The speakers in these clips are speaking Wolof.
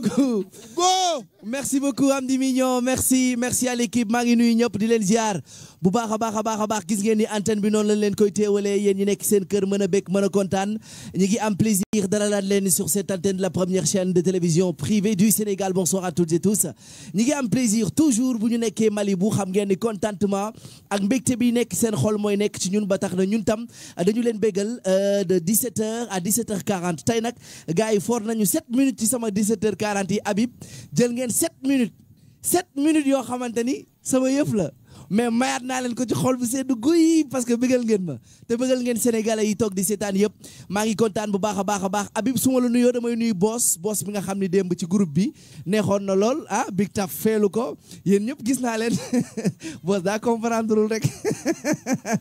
Go. Go. merci beaucoup Amdy Mignon merci merci à l'équipe maa ngi nuyu ñëpp di leen ziar bu baax a baax a baax a baax gis ngeen ni antenne bi noon lañ leen koy teewalee yéen ñi nekk seen kër mën a békk mën a kontaan ñu ngi am plaisir dalalaat leen sur cette antenne de la première chaîne de télévision privée du Sénégal bonsoir à toutes et tous ñu ngi am plaisir toujours bu ñu nekkee Mali bu xam ngeen ni contentement ak mbégte bi nekk seen xol mooy nekk ci ñun ba tax na ñun tam dañu leen bégal euh, de 17h à 17h40 tey nag gars yi for nañu 7 minutes ci sama 17h40 yi Habib jël leen sept minutes sept yoo xamante ni sama yëf la mais mayaat naa leen ko ci xol bu sedd guy parce que bëggal ngeen ma te bëggal ngeen sénégalais yi toog di seetaan yëpp maa ngi kontaan bu baax a baax a baax Habib su ma la nuyoo damay nuyu boos boos bi nga xam ne démb ci groupe bi neexoon na lool ah big taf feelu ko yéen ñëpp gis naa leen boos daa comprendrewul rek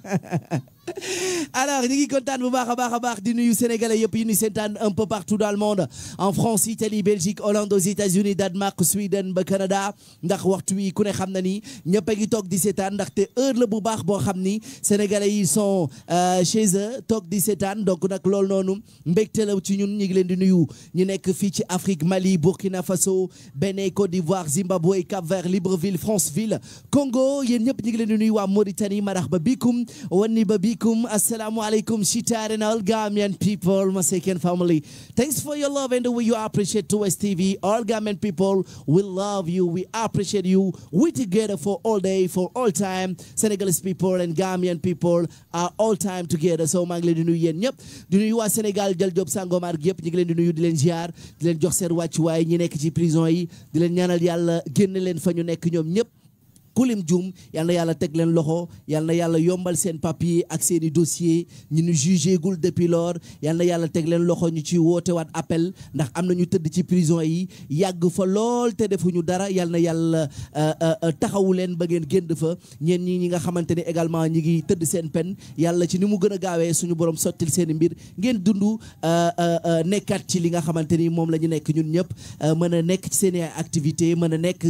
alors ñu ngi kontaan bu baax a baax a baax di nuyu sénégalais yëpp yi ñu seetaan un peu partout dans le monde en France Italie Belgique Hollande aux États-Unis Danemark Suède ba Canada ndax waxtu wi ku ne xam na ni ñëpp a ngi toog di seetaan ndaxte heure la bu baax boo xam ni sénégalais yi sont euh, chez eux toog di seetaan donc nag loolu noonu mbégte la ci ñun ñu ngi leen di nuyu ñu nekk fii ci Afrique Mali Burkina Faso Bénin Côte d'Ivoire Zimbabwe Cap-Vert Libreville Franceville Congo yéen ñëpp ñu ngi leen di nuyu waa Mauritanie marax ba bikum wanni ba alaikum. Assalamu alaikum, Shitar and all Gambian people, Masakan family. Thanks for your love and the way you appreciate 2S TV. All Gambian people, we love you. We appreciate you. We together for all day, for all time. Senegalese people and Gambian people are all time together. So maa ngi leen di nuyu yéen ñëpp di nuyu waa Sénégal jël job sangomar gi yëpp ñu ngi leen di nuyu di leen ziar di leen jox seen wàccuwaay ñi nekk ci prison yi di leen ñaanal yàlla génn leen fa ñu nekk ñoom ñëpp kulim juum yal na yàlla teg leen loxo yal na yàlla yombal seen papier ak seen i dossier ñu ñu jugé gul depuis yal na yàlla teg leen loxo ñu ci woote waat appel ndax am na ñu tëdd ci prison yi yàgg fa lool te defuñu dara yal na yàlla euh, euh, euh, taxawu leen ba ngeen génn fa ñeen ñi ñi nga xamante ni également ñi ngi tëdd seen peine yàlla ci ni mu gën a gaawee suñu borom sottil seen i mbir ngeen dund nekkaat ci li nga xamante ni moom la nekk ñun ñëpp mën a nekk ci seen i activité mën nekk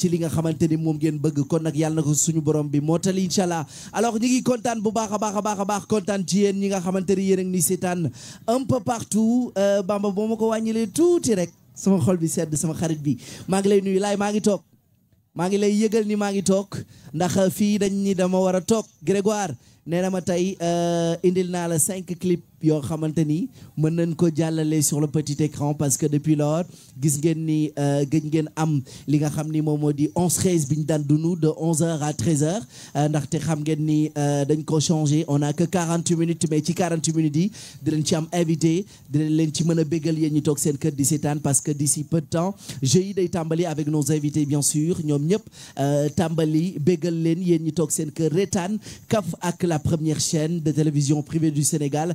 ci li nga xamante kon nag yàlla na ko suñu borom bi moo tali allah alors ñi ngi kontaan bu baax a baax a baax a baax kontaan ci yéen ñi nga xamante ni yéen a ngi seetaan un peu partout euh, Bamba boo ma ko wàññilee tuuti rek sama xol bi sedd sama xarit bi maa ngi lay nuyu lay maa ngi toog maa ngi lay yëgal ni maa ngi toog ndax fii dañ ni dama war a toog Grégoire nee na ma tey euh, indil naa la cinq clip yoo xamante ni mën nañ ko jàllale sur le petit écran parce que depuis lors gis ngeen ni euh, gëj ngeen am li nga xam ni moom moo di onze treize bi ñu daan dunu de onze heures à treize euh, ndaxte xam ngeen ni euh, dañ ko changé on a que quarante minutes mais ci quarante minutes yi dinañ ci am invité dinañ leen ci mën a bégal yéen ñi toog seen kër di seetaan parce que d'ici peu de temps jeudi day tàmbali avec nos invités bien sûr ñëpp tàmbali bégal leen yéen ñi toog seen kër reetaan kaf ak la première chaine de télévision privée du Sénégal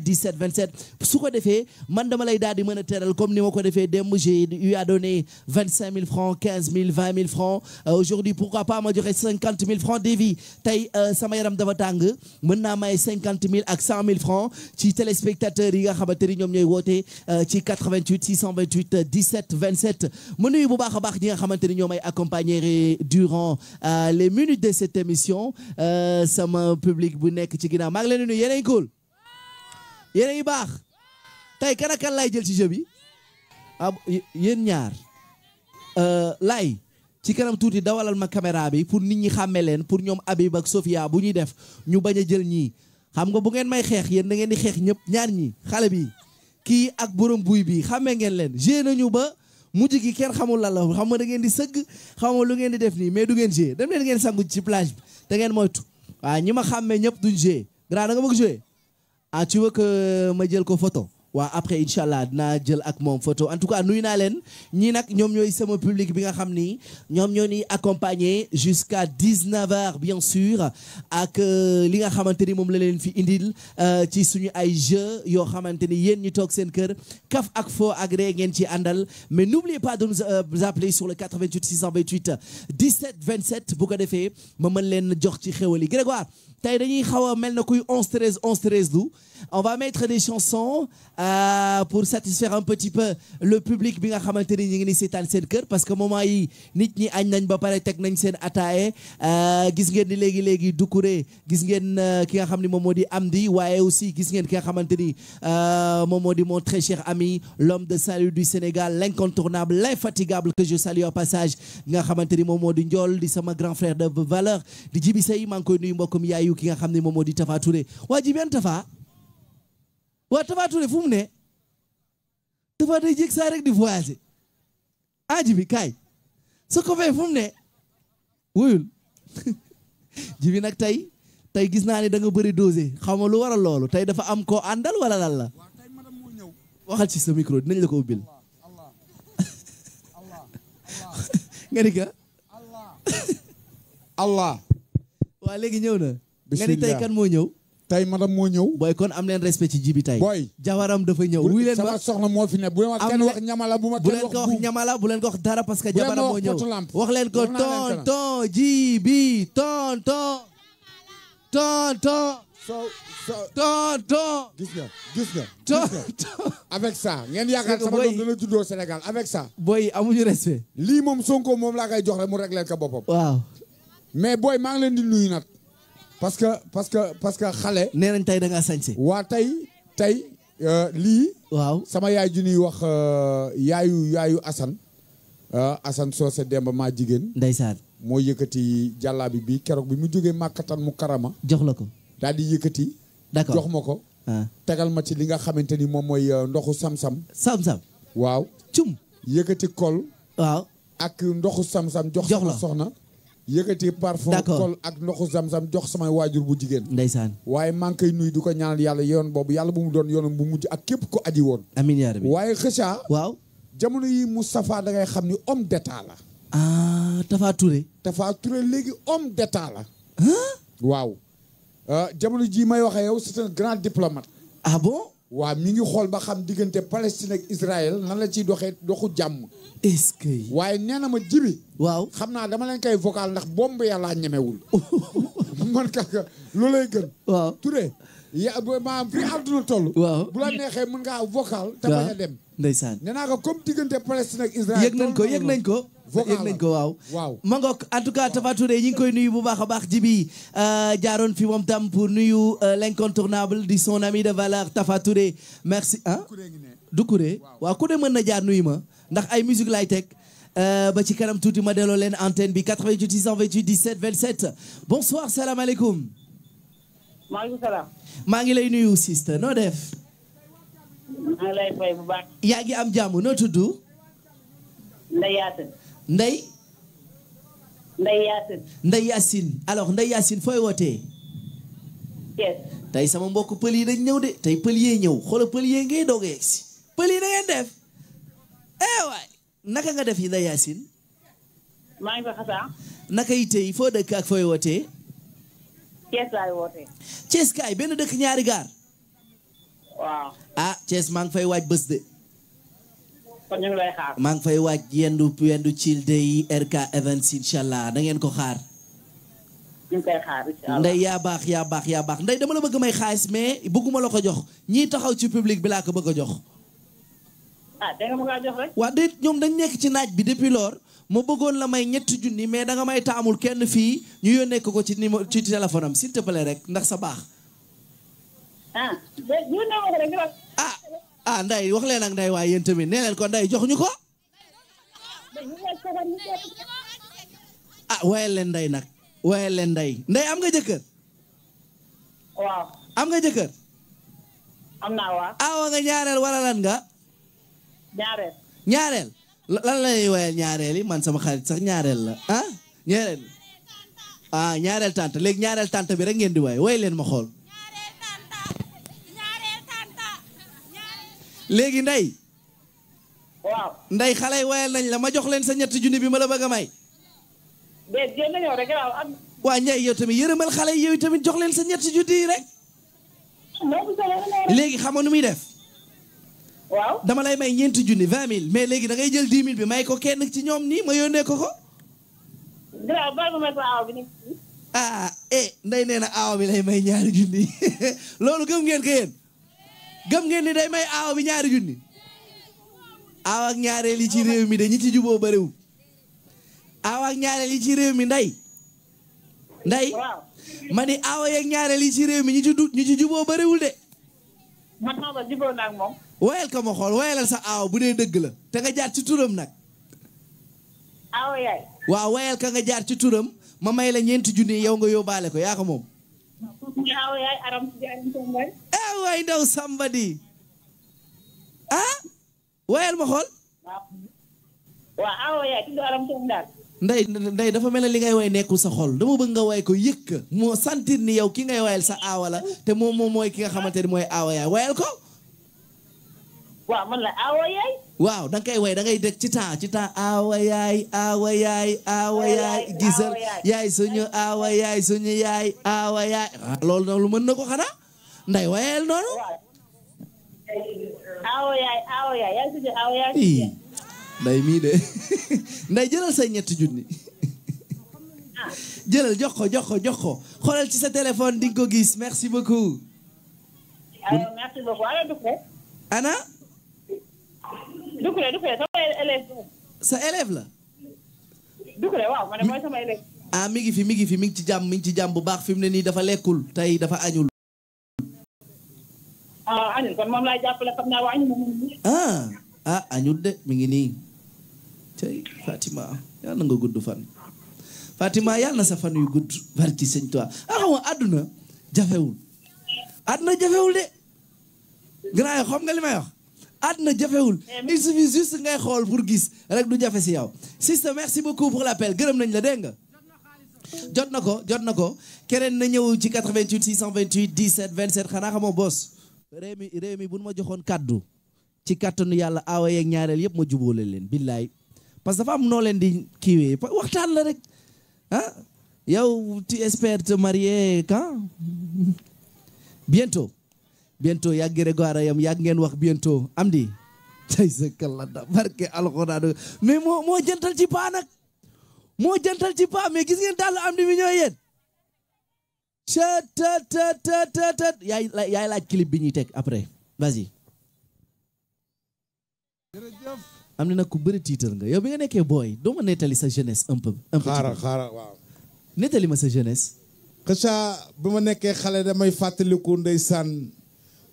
28 17 27 su ko defee man dama lay daal di mën a teral comme ni ma ko defee démb j'ai eu à donner 25 000 francs 15 000 20 000 francs euh, aujourd'hui pourquoi pas ma joxe 50 000 francs dévi tey euh, sama yaram dafa tàng mën naa may 50 mille ak 100 mille francs ci téléspectateurs yi nga xamante ni ñoom ñooy woote euh, ci 88 628 17 27 ma nuyu bu baax a baax ñi nga xamante ni ñoo may accompagner durant les minutes sama public bu nekk ci ginnaaw maa ngi leen di nuyu yére yu baax tey kan ak laay jël ci jeu bi ah yéen ñaar euh, lay ci kanam tuuti dawalal ma caméra bi pour nit ñi xàmme leen pour ñoom Habib ak Sofia bu ñuy def ñu bañ a jël ñii xam nga bu ngeen may xeex yéen da ngeen di xeex ñëpp ñaar ñi xale bi kii ak borom buy bi xàmmee ngeen leen gée nañu ba mujj gi kenn xamul lan la xam nga da ngeen di sëgg xam nga lu ngeen di def nii mais du ngeen gée dem leen ngeen sangu ci plage bi da ngeen moytu waaw ñi ma xàmmee ñëpp duñ gée grand nga bëgg jouer ah tu veux que ma jël ko photo waaw après incha allah dinaa jël ak moom photo en tout cas nuyu naa leen ñii nag ñoom ñooy sama public bi nga xam ni ñoom ñoo ni accompagné jusqu'à 19 heures bien sûr ak euh, li nga xamante ni moom la leen fi indil euh, ci suñu ay jeux yoo xamante ni yéen ñu toog seen kër kaf ak foo agré ngeen ci àndal mais n'oubliez pas de nous euh, appeler sur le 88 628 vingt 27 bu ko defee ma mën leen jox ci xéwal yi Grégoire tey dañuy xaw a mel na kuy 11 13 11 13 du on va mettre des chansons euh, pour satisfaire un petit peu le public bi nga xamante ni ñu ngi ni seetaan seen kër parce que moment yi nit ñi añ nañ ba pare teg nañ seen ataaye euh, gis ngeen ni léegi léegi Doucouré gis ngeen euh, ki nga xam ni moom moo di Amdi waaye aussi gis ngeen ki nga xamante ni euh, moom moo di mon très cher ami l'homme de salut du Sénégal l'incontournable l'infatigable que je salue au passage nga xamante ni moom moo di Ndiol di sama grand de valeur di Jibi Sey maa ngi koy nuyu mbokkum yaay ndeyu nga xam ne moomoo di Tapha waa ji benn Tapha waa Tapha Touré ne Tapha day jég saa rek di voyager aji bi kaay su ko fee fu ne wuyul ji nag tey tey gis naa ne da nga bëri dosé xaw ma lu waral loolu tey dafa am ko àndal wala lan la ci sa micro dinañ la ko ubbil waa léegi ñëw na nga tey kan moo ñëw. tey madame moo ñëw. booy kon am leen respect ci jibi tey. booy jawaram dafa ñëw. wuy leen sama soxna moo fi ne bu leen kenn wax ñamala bu ma kenn wax bu leen ko wax ñamala bu leen ko wax dara parce jabaram moo ñëw wax leen ko tonton jibi tonton tonton soo soo tonton gis nga gis nga tonton avec ça ngeen yaakaar sama doom dana juddoo Sénégal avec ça booy amuñu respect lii moom Sonko moom laa koy jox rek mu régler ko boppam waaw mais booy maa leen di nuyu nag parce que parce que parce que xale. nee nañ tey da ngaa waa tey tey euh, lii. waaw sama yaay ju ñuy wax euh, yaayu yaayu Assane. Euh, Assane Socé Demba maa jigéen. ndeysaan. moo yëkkati jàllaabi bi keroog bi mu jógee màkkatan mu karama. jox la ko. daal di yëkkati. d'accord jox ma ko. Ah. tegal ma ci li nga xamante ni moom mooy ndoxu sam-sam. sam waaw. cum yëkkati kol. waaw ak ndoxu sam-sam. jox la soxna. yëkkati parfum kol ak ndoxu zam-zam jox samay waajur bu jigéen ndeysaan waaye maa ngi koy nuyu di ko ñaanal yàlla yoon boobu yàlla bu mu doon yoonam bu mujj ak képp ko aji woon amiin yaa rabbi waaye xëcaa waaw jamono yi Moustapha da ngay xam ni homme d'état la ah Tafa Touré Tafa Touré léegi homme d'état la waaw ah, jamono ji may waxe yow c'est un grand diplomate ah waa mi ngi xool ba xam diggante Palestine ak Israël nan la ciy doxee doxu jàmm. est waaye nee na ma jibi waaw xam naa dama leen kay vocal ndax bomb yàlla ñemewul. man kaka loolay gën. waaw Touré. ya maanaam fii àdduna toll. waaw bu la neexee mën ngaa vocal. te bañ a dem. ndeysaan nee naa ko comme diggante Palestine ak Israël. yëg nañ ko yëg nañ ko. yëg waaw waaw ma ngook en tout cas Tapha Touré ngi koy nuyu bu baax a baax jibi euh, jaaroon fi moom tam pour nuyu euh, l'incontournable di son ami de valeur Tapha Touré merci ah du kuré waaw ku mën na jaar nuyu ma ndax ay musique lay teg euh, ba ci kanam tuuti ma delloo leen antenne bi 88 628 17 27 bonsoir salaamaaleykum maaleykum salaam maa ngi lay nuyu sister noo def maa ngi lay fay bu baax yaa ngi am jàmm noo tudd Ndeye Yacine Ndeye. Ndeye Yacine. Ndeye Yacine alors fooy wootee. Thiès. tey sama mbokk pël yi dañ ñëw de tey pël yee ñëw xoola pël yee ngay doog a yegg si pël yi da def. eh waay naka nga def yi Ndeye Yacine. maa ngi fa xasaa. naka yi tey foo dëkk ak fooy wootee. Thiès laay wootee. kaay benn dëkk ñaari gaar. waaw. ah Thiès maa ngi fay waaj bés de. kon maa ngi fay waaj yendu yendu cilde yi RK Events incha allah da ngeen ko xaar. ñu yaa baax yaa baax yaa baax nday dama la bëgg may xaalis mais bëgguma la ko jox ñii taxaw ci public bi laa ko bëgg a jox. ah danga ma waa déet ñoom dañ nekk ci naaj bi depuis lors ma bëggoon la may ñetti junni mais danga may taamul kenn fii ñu yónnee ko ko ci numéro ci téléphone am s'il te rek ndax sa baax. Ah, ah nday wax leen ak nday waaye yéen tamit nee leen ko nday jox ñu ko ah waaye leen nday nag waaye leen nday nday am nga jëkkër am nga jëkkër am naa waaw awa ah, nga ñaareel wala lan nga ñaareel ñaareel yi man sama xarit sax ñaareel la ah ñaareel ah ñaareel ñaareel tante bi rek ngeen di waay way leen ma xool léegi nday ndey xale yi wayal nañ la ma jox leen sa ñetti junni bi ma la bëgg a may. déedéet nañoo rek waaw am. waa Ndiaye yow tamit yërëmal xale yi yow tamit jox leen sa ñetti junni yi rek. léegi xamoon nu muy def. waaw dama lay may ñeenti junni vingt mille mais léegi da ngay jël dix mille bi may ko kenn ci ñoom nii ma yónnee ko ko. dara bal ma aaw bi ah, eh, nee na aaw bi lay may ñaari junni loolu gëm ngeen ko gëm ngeen ni day may aaw bi ñaari junni aaw ñaareel yi ci réew mi dañu ci juboo bariwul aaw ak ci réew mi nday nday ma ni aaw yeeg ñaareel ci réew mi ñu ci du ñu ci juboo bariwul de. man Samba juboo naa ko ma xool woyalal sa aaw bu dee dëgg la te nga jaar ci turam nag. aaw waaw woyal ka nga jaar ci turam ma may la ñeenti junni yow nga yóbbaale ko yaa ko moom. ñaaw eh, waay ndaw samba di ah waayal ma xool waaw awo ah, yaay nday dafa mel ne li ngay way nekkul sa xol dama bëgg nga way ko yëkk moo sentir ni yow ki ngay wayal sa awala te moo moom mooy ki nga xamante ni mooy aawa yaay wayal ko waaw da nga koy way da ngay dégg ci temps ci temps awa yaay awa yaay awa yaay gisal yaay ah, lu mën na ko xanaa nday wayel noonu awa yaay awa nday mii de nday jëlal say ñetti junni jëlal jox ko jox ko jox ko xoolal ci sa téléphone ding ko gis merci beaucoup ana Doucouré Doucouré sa élève la. ah mi ngi fi mi ngi fi mi ngi ci jàmm mi ngi ci jàmm bu baax fi mu ne nii dafa lekkul tey dafa añul. ah ah, ah añul de mi ngi nii. tey Fatima yàlla na nga gudd fan. Fatima yàlla na sa fan yu gudd barki sëñ Tuubaa ah xam nga àdduna jafewul àdduna jafewul de. grand xam nga li may wax. àdduna jafewul il suffit juste ngay xool pour gis rek du jafe si yow sister merci beaucoup pour l'appel gërëm nañ la dégg nga jot na ko jot na ko keneen na ñëw ci 88 628 17 27 xanaa xamoo boss réew mi réew mi bu nu ma joxoon kàddu ci kattanu yàlla aawa yeeg ñaareel yëpp ma jubóole leen billaay parce que dafa am noo leen di kiiwee waxtaan la rek ah yow tu espères te marier bientôt yaa Grégoire yam yaa ngeen wax bientôt am di tey sa kalanda barke alxuraan mais moo moo jëntal ci paa nag moo jëntal ci paa mais gis ngeen daal am di mi ñooy yéen chat chat yaay yaay laaj clip bi ñuy teg après vas-y ku bëri tiitar nga yow bi booy doo ma sa jeunesse un peu un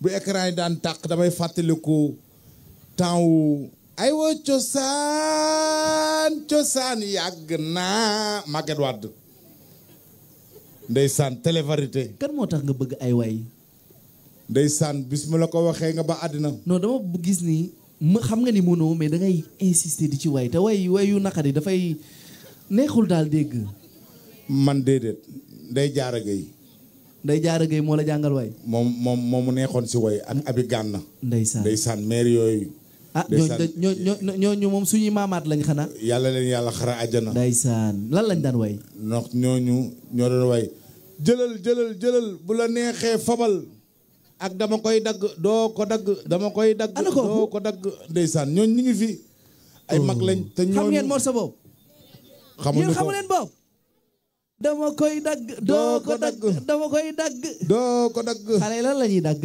bu écran yi daan tàq damay fàttaliku temps wu aywa cosaan cosaan yàgg naa Maguette Wade ndeysaan télévarité kan moo tax nga bëgg ay way waay ndeysaan bis mu la ko waxee nga ba àddina non dama bu gis ni ma xam nga ni mënoo mais da ngay insister di ci way te way way yu naqari dafay neexul daal dégg man déedéet nday yi nday a gay moo la jàngal waay. moom moom moom mu neexoon si way ak abi gànn. ndeysaan ndeysaan maire yooyu. ah ñooñu moom suñuy maamaat lañ xanaa. yàlla leen yàlla xara àjjana. ndeysaan lan lañ daan way. ndox ñooñu ñoo doon way. jëlal jëlal jëlal bu la neexee fabal. ak dama koy dagg doo ko dagg. dama koy dagg doo ko dagg. ndeysaan ñooñ ñu ngi fi. ay mag oh. lañ te ñooñu xam ngeen morceau boobu. xamuñu ko xamu leen boobu. dama koy dagg. doo ko dagg xale yi la ñuy dagg.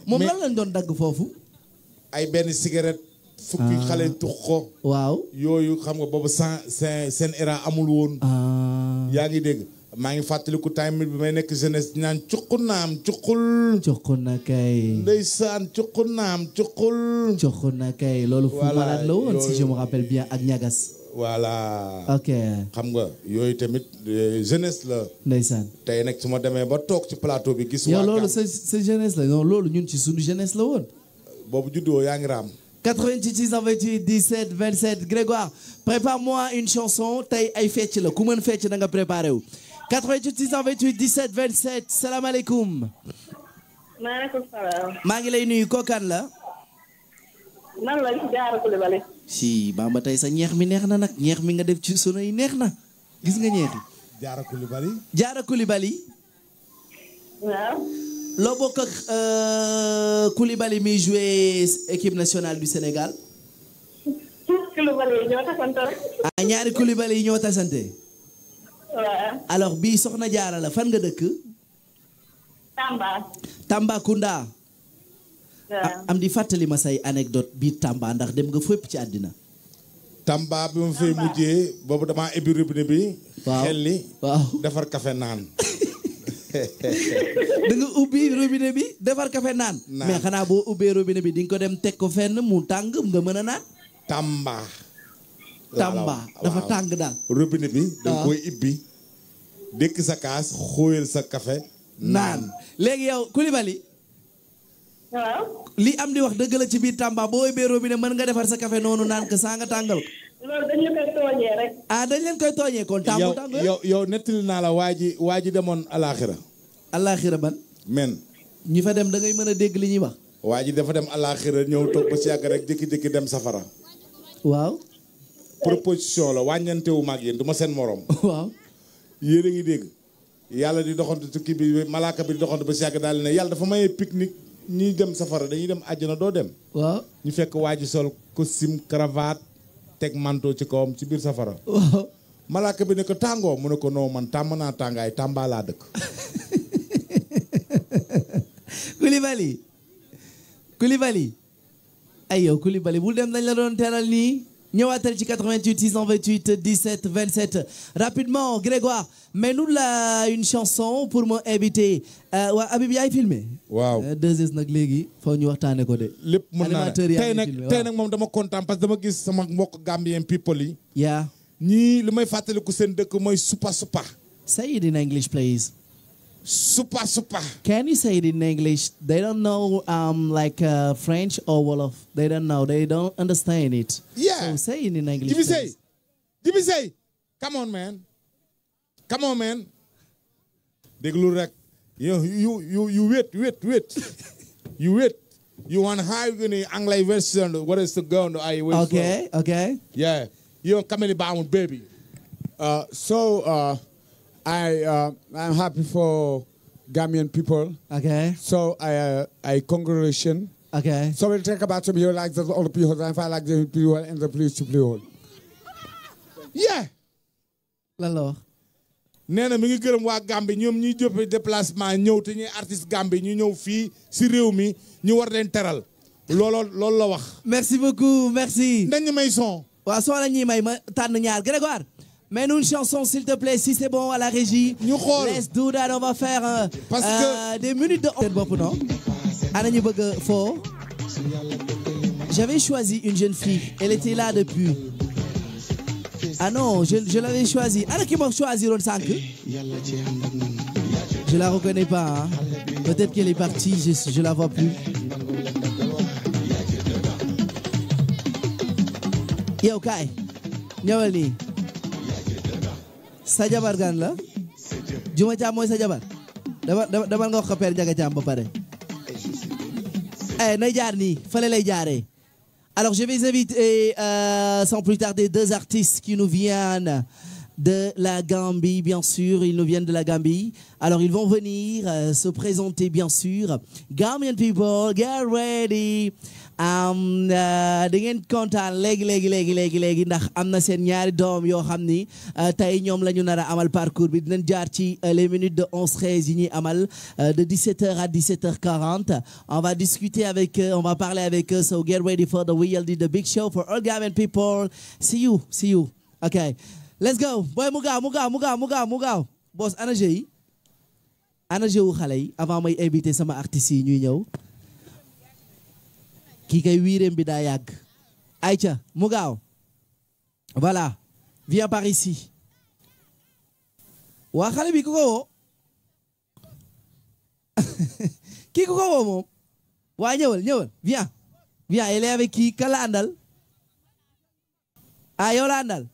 moom lan doon dagg foofu. ay benn cigarette. fukki ah. yooyu xam nga boobu san amul woon. Ah. ngi dégg. maa ngi fàttaliku time bi may nekk jeunesse naan cuqul naam cuqul. cuqul na kay. loolu. fu mu la woon si je me bien ak ñagas. voilà. ok xam nga yooyu tamit euh, jeunesse la. ndeysaan tey nag su ma demee ba toog ci plateau bi. gis waa loolu sa sa jeunesse la non loolu ñun ci suñu jeunesse la woon. boobu juddoo yaa ngi raam. 86 28 17 27 Grégoire prépare-moi une chanson tey ay fecc la ku mën fecc na nga préparé wu. 88 28 17 27 salaamaaleykum. maaleykum salaam. maa ngi lay nuyu kookaan la. man la Diarra Coulibaly. si Bamba tey sa ñeex mi neex na nag ñeex mi nga def ci sono yi neex na gis nga ñeex yi. Jaara Kulibali. Jaara Kulibali. waaw. loo bokk ak euh, Kulibali mi joué équipe nationale du Sénégal. Ah, ñaari Kulibali yi ñoo tasante. waaw. alors bii soxna Jaara la fan nga dëkk. Tamba. Tambacounda. Ah, am di fàttali ma say anecdote biir Tamba ndax dem nga fépp ci àddina Tamba bi ma fay mujjee boobu damaa ubbi robinet bi. waaw defar kafe naan. da ubbi robinet bi defar kafe naan. xanaa boo ubbee robinet bi di nga ko dem teg ko fenn mu tàng nga mën a naan. Tamba. Tamba dafa tàng daal. Ah. koy ubbi. dëkk sa kaas xóoyal sa kafe. naan léegi yow Coulibaly. waaw. li am di wax dëgg la ci biir Tamba booy beeroo bi ne mën nga defar sa café noonu naan ko saa nga tàngal ko. loolu koy tooñee rek. ah yow yow nettali naa la waa ji waa ji demoon alaaxira. alaaxira ban. men. ñi fa dem da ngay mën a dégg li ñuy wax. waa ji dafa dem alaaxira ñëw toog ba si yàgg rek jékki-jékki dem safara. waaw. proposition la wàññantewu ma ak yéen du ma seen morom. waaw. yéen a ngi dégg. yàlla di doxantu tukki bi malaaka bi di doxantu ba si yàgg daal ne yàlla dafa mayee pique ñiy dem safara dañuy dem àjjana doo dem. waaw ñu fekk waa ji sol costume cravate teg manteau ci kawam ci biir safara. waaw malaaka bi ne ko tàngoo mu ne ko noo man tàmm naa tàngaay Tamba laa dëkk. Coulibaly Coulibaly ay yow Coulibaly bu dem dañ la doon teral nii. ñëwaatal ci 88 628 17 27 rapidement Grégoire mets-nous la une chanson pour mon invité euh, waa Habib yaay waaw 2S euh, nag léegi foo ñu waxtaanee ko de. lépp mën naa tey nag tey nag moom dama kontaan dama gis sama mbokk Gambien people yi. yaa ñii li may ku seen dëkk mooy supa supa. say it in English please. Super, super. Can you say it in English? They don't know um, like uh, Wolof. They don't know. They don't understand it. Yeah. So in English. Dibi say. Dibi say. Come on, man. Come on, man. Déglu rek. You, you, you, you wait, wait, wait. you wait. You want is the girl I wait Okay, for? okay. Yeah. You come in the baby. Uh, so, uh, I uh, I'm happy for Gambian people. Okay. So I uh, I congratulation. Okay. So we'll talk about some I like the people and the na mi ngi gërëm waa Gambie ñoom ñuy jópe déplacement ñëw te ñuy artiste Gambie ñu ñëw fii si réew mi ñu war leen teral looloo loolu la wax. merci beaucoup merci. ndañ may son. waa soo la may ma tànn ñaar Grégoire. Mets-nous une chanson, s'il te plaît, si c'est bon à la régie. ñu xool let's do that, on va faire. Euh, parce euh, que euh, des minutes de. seen bopp non. ana ah, ñu bëgg foo. j'avais choisi une jeune fille. elle était là depuis. ah non je je l'avais choisie ana ki ma choisiroon sànq. je la reconnais pas hein. peut-être qu'elle est partie je je la vois plus. yow kay ñëwal nii. sa jabar gan la Juma Caam mooy sa jabar dama dama nga wax ko Père Njaga Caam ba pare eh nay jaar nii fële lay jaaree alors je vais inviter euh, sans plus tarder deux artistes qui nous viennent de la Gambie bien sûr ils nous viennent de la Gambie alors ils vont venir euh, se présenter bien sûr Gambian people get ready Eh, da ngeen kontaan léegi léegi léegi léegi léegi ndax am na seen ñaari doom yoo xam ni eh, tey ñoom la ñu nar a amal parcours bi dinañ jaar ci eh, les minutes de 11 13 yi ñuy amal de 17h à 17h40 on va discuter avec eux, on va parler avec eux, so get ready for the WLD the big show for all Gambian people see you see you okay let's go boy mu gaaw mu gaaw mu gaaw mu gaaw boss ana jeu yi ana jeu wu xale yi avant may invité sama artistes yi ñuy ñëw kii kay wiireem bi daa ay ca mu gaaw voilà viens par ici waa xale bi ku ko woo kii ku ko woo moom waa ñëwal ñëwal viens viens elle est avec àndal ah yow àndal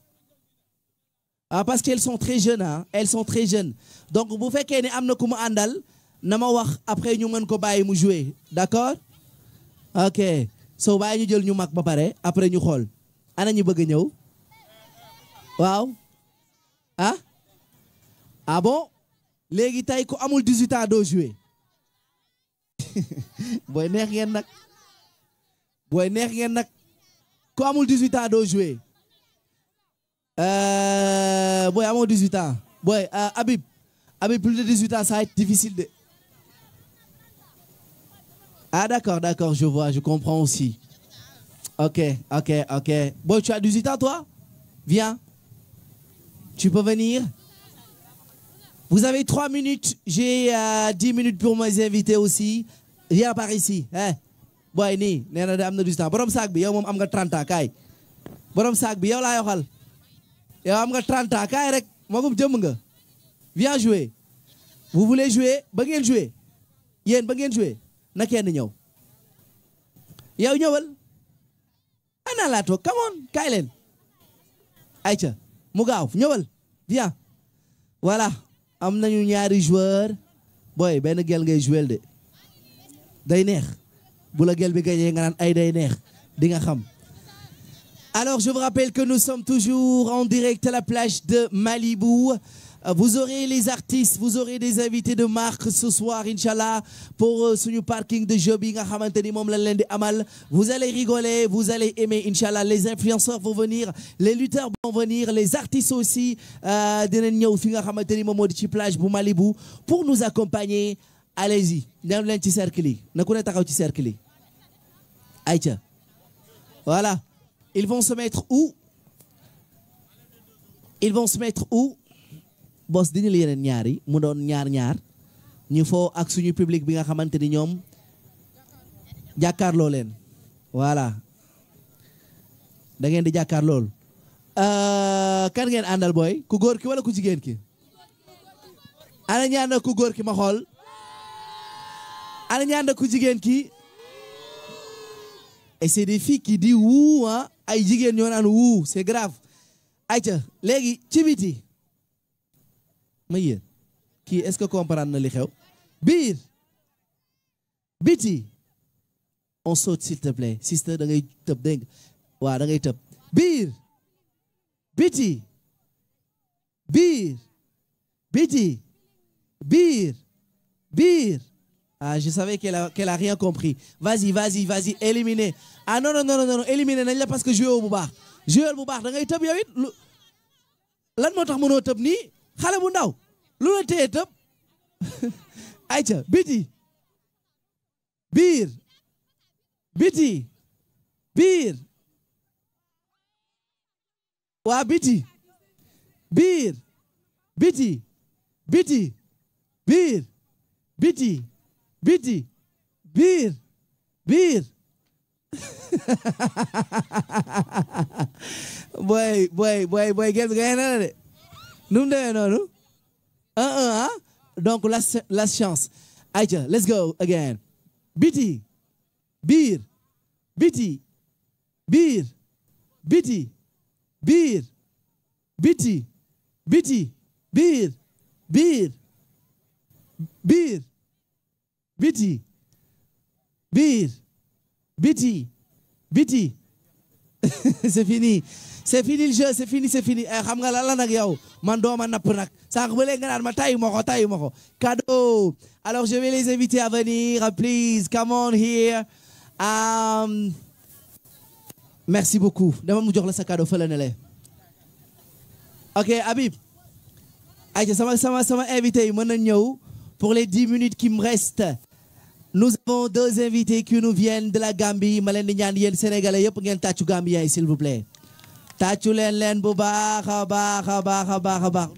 ah parce qu'elles sont très jeunes ah elles sont très jeunes donc bu fekkee ne am na ku mu àndal na ma wax après ñu mën ko bàyyi mu jouer d'accord ok so bàyyi ñu jël ñu mag ba pare après ñu xool ana ñu bëgg a ñëw waaw ah ah bon léegi tey ku amul 18 ans doo jouer booy neex ngeen nag booy neex ngeen nag ku amul 18 ans doo jouer euh, booy amoo 18 ans booy euh, Habib Habib plus de 18 ans ça va de. Ah d'accord, d'accord, je vois, je comprends aussi. Ok, ok, ok. Bon, tu as 18 toi Viens. Tu peux venir Vous avez 3 minutes. J'ai euh, 10 minutes pour mes invités aussi. Viens par ici. Eh. Boy nii nee de am na 18 borom saak bi yow moom am nga 30 ans borom saak bi yow laay waxal. yow am nga 30 ans rek magum jëmm nga. viens jouer. vous voulez jouer ba ngeen jouer. yéen ba ngeen jouer. na kenn ñëw yow ñëwal ana laa toog come on kaay leen ayca mu gaaw ñëwal voilà am nañu ñaari joueur booy benn gel ngay jouel de day neex bula la gel bi gañee nga naan ay day neex dinga xam alors je vous rappelle que nous en direct la plage de Malibu Euh, vous aurez les artistes vous aurez des invités de marque ce soir inchallah pour euh, suñu parking de jeu bi nga xamante ni moom lañ leen di amal vous allez rigoler vous allez aimer inchallah les influenceurs vont venir les lutteurs vont venir les artistes aussi euh, dinañ ñëw fi nga xamante ni moom moo di ci plage bu Malibu pour nous accompagner allez-y ñam leen ci cercle yi na ku ne taxaw ci cercle yi Aïcha voilà ils vont se mettre où ils vont se mettre où bos dina la yeneen ñaar mu doon ñaar-ñaar ñu foo ak suñu public bi nga xamante ni ñoom jàkkaarloo leen voilà dangeen di jàkkaar lool euh, kan ngeen àndal booy ku góor ki wala ku jigéen ki ana ñaan na ku góor ki ma xool ana ñaan na ku jigéen ki et di des filles di wuu ay jigéen ñoo naan wuu c'est grave ayca léegi ci biti ma kii est-ce que comprendre na li xew biir biti on saute s'il te plaît sister da ngay tëb dégg nga waaw da ngay tëb biir biti biir biti biir biir ah je savais qu'elle a qu'elle a rien compris vas-y vas éliminer ah non non éliminer nañ la parce que bu baax joué bu baax da ngay tëb yow lan moo tax mënoo tëb nii xale bu ndaw lu la téye tëb ayca biti biir biti biir waa biti biir biti biti biir biti biti biir biir boy boy boy boy gel bi gaye na de nu mu demee noonu un un ah donc la la chance ayca let's go again biti biir biti biir biti biir biti biti biir biir biir biti biir biti biti c'est fini c'est fini le jeu c'est fini c'est fini eh, xam nga lan la nag yow man a napp nag sànq ba léegi nga naan ma tayu ma ko tayu ma ko alors je vais les inviter à venir please come on here um, merci beaucoup dama mu jox la sa cadeau fële ne ok Habib ayca sama sama sama invité yi mën na ñëw pour les dix minutes qui mu restent nous avons deux invités qui nous viennent de la Gambie ma leen di ñaan yéen sénégalais yëpp ngeen tàccu Gambien s'il vous plaît tàccu leen leen bu baax a baax a baax a baax a baax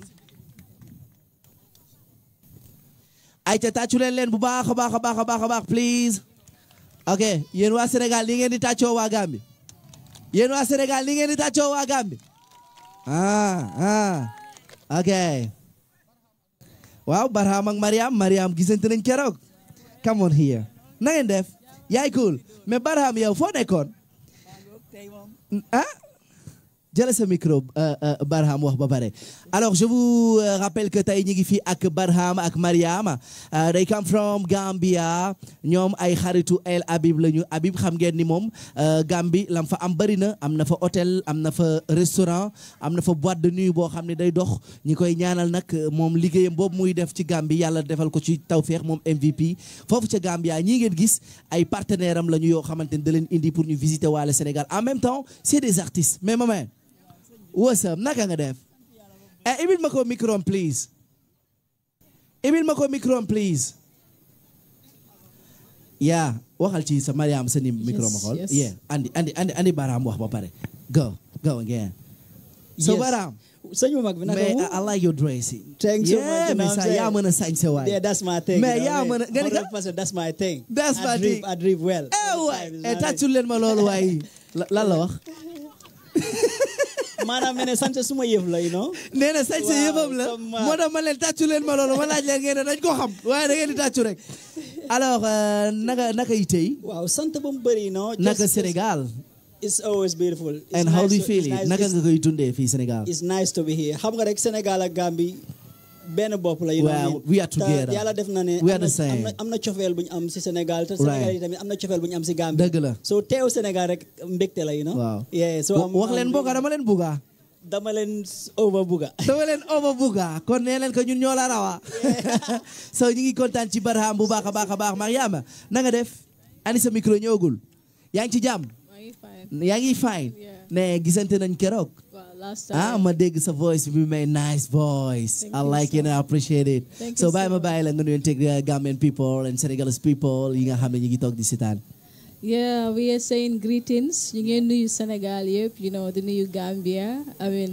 ayca tàccu leen leen bu baax a baax a baax a baax a baax please ok yéen waa senegal li ngeen di tàccoo waa Gambie yéen waa senegal li ngeen di tàccoo waa Gambie ah, ah. waaw Barham ak Mariam Mariam gisante nañ keroog come on here na ngeen def yaay cool mais Barham yow foo nekkoon jëla sa micro euh, euh, Barham wax ba bare alors je vous euh, rappelle que tey ñu ngi fii ak Barham ak Mariama they come from Gambia ñoom ay xaritu El Habib lañu Habib xam ngeen ni moom Gambie lam fa am bari na am na fa hôtel am na fa restaurant am na fa boîte de nuit boo xam ne day dox ñi koy ñaanal nag moom liggéeyam boobu muy def ci Gambie yàlla defal ko ci tawféex moom MVP foofu ca Gambia ñii ngeen gis ay partenaire am lañu yoo xamante ni da leen indi pour ñu visiter waale en même temps c'est des mais maman wasam naka nga def eh ibil ma ko micro please ibil ma ko micro please yaa waxal ci sa Mariam seni micro ma xool yeah andi wax ba pare go go again so Baram sëñ bu mag bi naka mais I like sa yaa mën a sañse waay. yeah that's my a nga ni ka that's my thing. that's waay tàccul leen la wax. maanaam nee sant suma yëf la you know. nee yëfam la uh, moo tax ma leen tàccu leen ma loolu ma laaj leen ngeen dañ ko xam waaye da ngeen rek. alors euh, naka naka yi waaw sant ba mu bëri no. naka Sénégal. it's always beautiful. and how naka nga koy dundee fii Sénégal. it's nice to nga rek Sénégal ak Gambie. benn bopp la. waaw we are together def na ne. we are am na cofeel bu ñu am si Sénégal. te Sénégal yi tamit am na cofeel bu ñu am si Gambie. dëgg la soo teew Sénégal rek mbégte la you know. waaw wax leen mboka dama leen buga. dama leen over buga. dama leen over buga kon nee leen ko ñun ñoo la rawa. so ñu ngi kontaan ci Barham bu baax a baax a baax Mariama na nga def. ani sa micro ñëwagul yaa ngi ci jàmm. yaa ngi fine. ne gisante nañ keroog. last ah, ma dégg sa voice bi may nice voice. Thank I like appreciate it. so bàyyi ma bàyyi la nga nuyonteeg uh, Gambian people and Senegalese people yi nga xam ne ñu ngi toog di sitaan. yeah we are saying greetings ñu ngeen nuyu Sénégal yëpp you Gambia I mean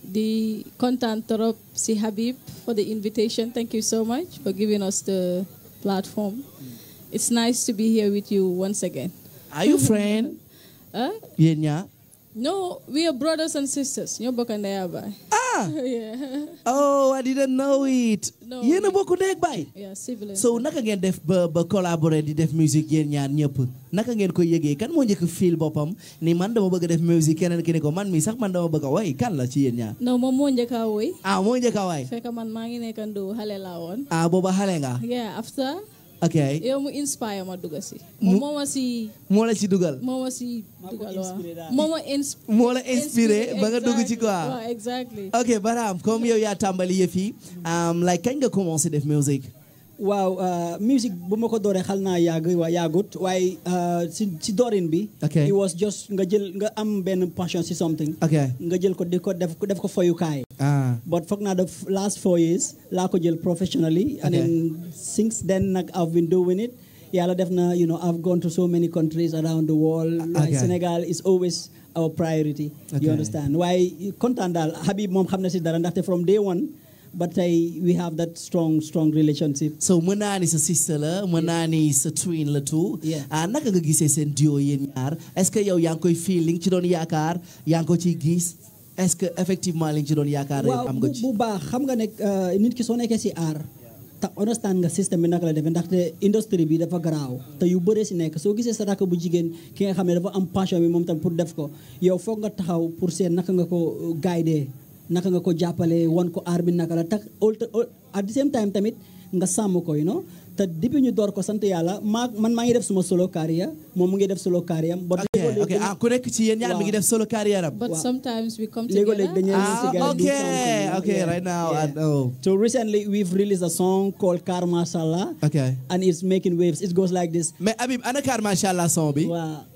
di kontaan trop si Habib for the invitation thank you so much for giving us the platform it's nice to be here with you once again. are you friend. No, we are brothers bokk ndey ak baay. Ah. yeah. Oh, I didn't know it. No. Yéen a bokk ndey ak baay. Yeah, siblings. So naka ngeen def ba ba collaborer di def musique yéen ñaar ñëpp. Naka ngeen ko yëgee kan moo njëkk fiil boppam ni man dama bëgg def musique keneen ki ko man mi sax man dama bëgg a way kan la ci yéen ñaar. Non, moom moo njëkk a way. Ah, moo njëkk a way. man maa ngi nekkandu xale laa woon. Ah, booba xale nga. ok yow mu inspire ma dugg si. mu moo ma si. moo si dugal. moo ma si dugal moo ma inspiré. ba nga dugg ci quoi. waaw exactly. ok Barham comme yow yaa tàmbali yëf yi. Um, like kañ nga commencé def music. waaw uh, musique bu ma ko dooree xal naa yàgg waa yàggut waaye uh, si si doorin bi. it was just nga jël nga am benn passion si something. nga jël ko def ko def def ko foyukaay. Ah. But naa now, the last four years, Lako Jail professionally, and okay. then nag then, like, I've been doing it. Yeah, defna, you know, I've gone to so many countries around the world. Ah, like okay. Senegal is always our priority. Okay. You understand? Why Kontandal, Habib Mom Hamnasi Darandate from day one, but I, we have that strong, strong relationship. So Manani is a sister, Manani is a twin la too. Yeah. And ah, naka nga gisee seen duo yeen ñaar. Est-ce que yow yaa ngi koy feeling ci doon yaakaar, yaa ngi ko ciy gis? est-ce que effectivement li nga ci doon yaakaar am nga ci bu baax xam nga nekk euh, nit ki soo nekkee si aar te understand nga système bi naka la defee ndaxte industrie bi dafa garaaw te yu bëree si nekk soo gisee sa rakk bu jigéen ki nga xam ne dafa am passion bi moom tam pour def ko yow foog nga taxaw pour seen naka nga ko guider naka nga ko jàppale wan ko aar bi naka la tax at the same time tamit nga sàmm koy you te depuis ñu door ko sant yàlla maa man maa ngi def suma solo carrière moom mu ngi def solo carrière am. ok ok ah ku nekk ci yéen ñaar mi ngi def solo carrière am. but sometimes we léeg-léeg dañuy ah ok ok right now I know. so recently a and it's making waves it goes like this. mais Habib ana Kar Mashallah song bi. waaw.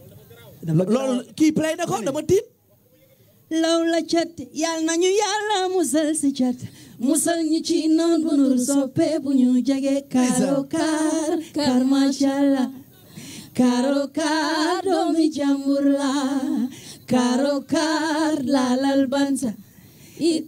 kii play na ko dama tiit. law la cat yal nañu yàlla musal si musal ñi ci noon bu nur soppe bu ñu jege karo kar kar machallah karo kar doomi jàmbur la karo lalal banta i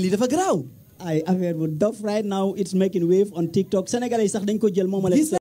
li dafa graw ay affaire bu dof right now it's making wave on TikTok sénégalais sax dañ ko jël moom la